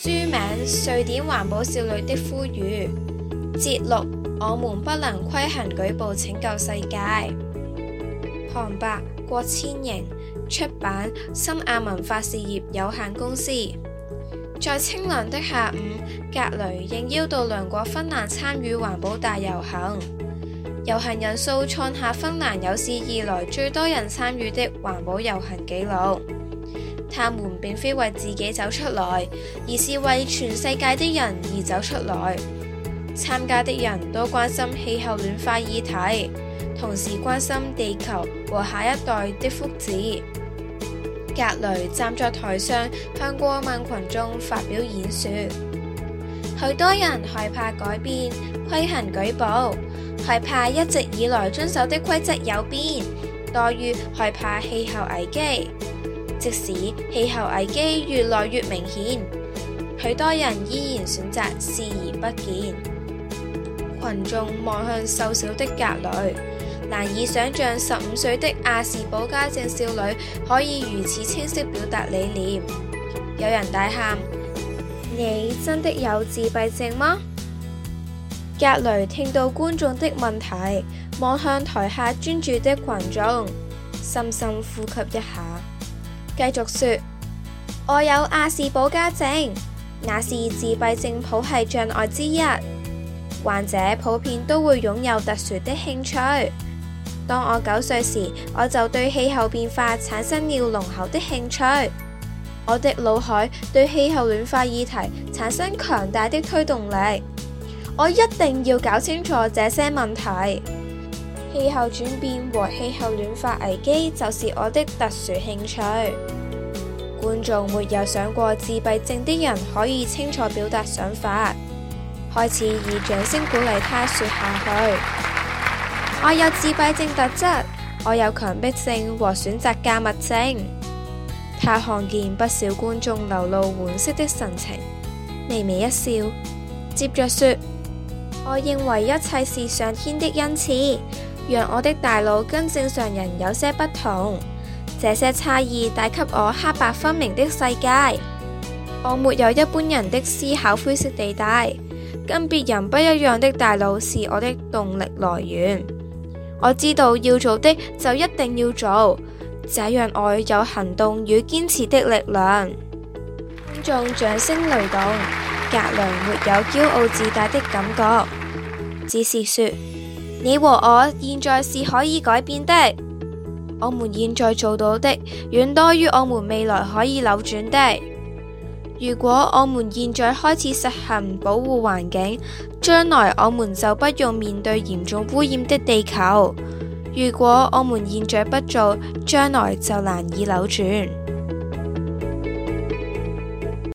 書名《瑞典環保少女的呼籲》，節錄：我們不能規行矩步拯救世界。旁白：郭千瑩，出版：新亞文化事業有限公司。在清涼的下午，格雷應邀到鄰國芬蘭參與環保大遊行，遊行人數創下芬蘭有史以來最多人參與的環保遊行紀錄。他們並非為自己走出來，而是為全世界的人而走出來。參加的人都關心氣候暖化議題，同時關心地球和下一代的福祉。格雷站在台上向過萬群眾發表演說，許多人害怕改變、規行矩步，害怕一直以來遵守的規則有變，待遇害怕氣候危機。即使氣候危機越來越明顯，許多人依然選擇視而不見。群眾望向瘦小的格雷，難以想象十五歲的亞氏保加症少女可以如此清晰表達理念。有人大喊：你真的有自閉症嗎？格雷聽到觀眾的問題，望向台下專注的群眾，深深呼吸一下。繼續説，我有亞氏保加症，亞氏自閉症譜系障礙之一。患者普遍都會擁有特殊的興趣。當我九歲時，我就對氣候變化產生了濃厚的興趣。我的腦海對氣候暖化議題產生強大的推動力。我一定要搞清楚這些問題。氣候轉變和氣候暖化危機就是我的特殊興趣。觀眾沒有想過自閉症的人可以清楚表達想法，開始以掌聲鼓勵他說下去。 我有自閉症特質，我有強迫症和選擇性緘默症。他看見不少觀眾流露惋惜的神情，微微一笑，接着說：我認為一切是上天的恩賜。讓我的大腦跟正常人有些不同，這些差異帶給我黑白分明的世界。我沒有一般人的思考灰色地帶，跟別人不一樣的大腦是我的動力來源。我知道要做的就一定要做，這樣我有行動與堅持的力量。觀眾掌聲雷動，格雷沒有驕傲自大的感覺，只是說。你和我現在是可以改變的，我們現在做到的遠多於我們未來可以扭轉的。如果我們現在開始實行保護環境，將來我們就不用面對嚴重污染的地球。如果我們現在不做，將來就難以扭轉。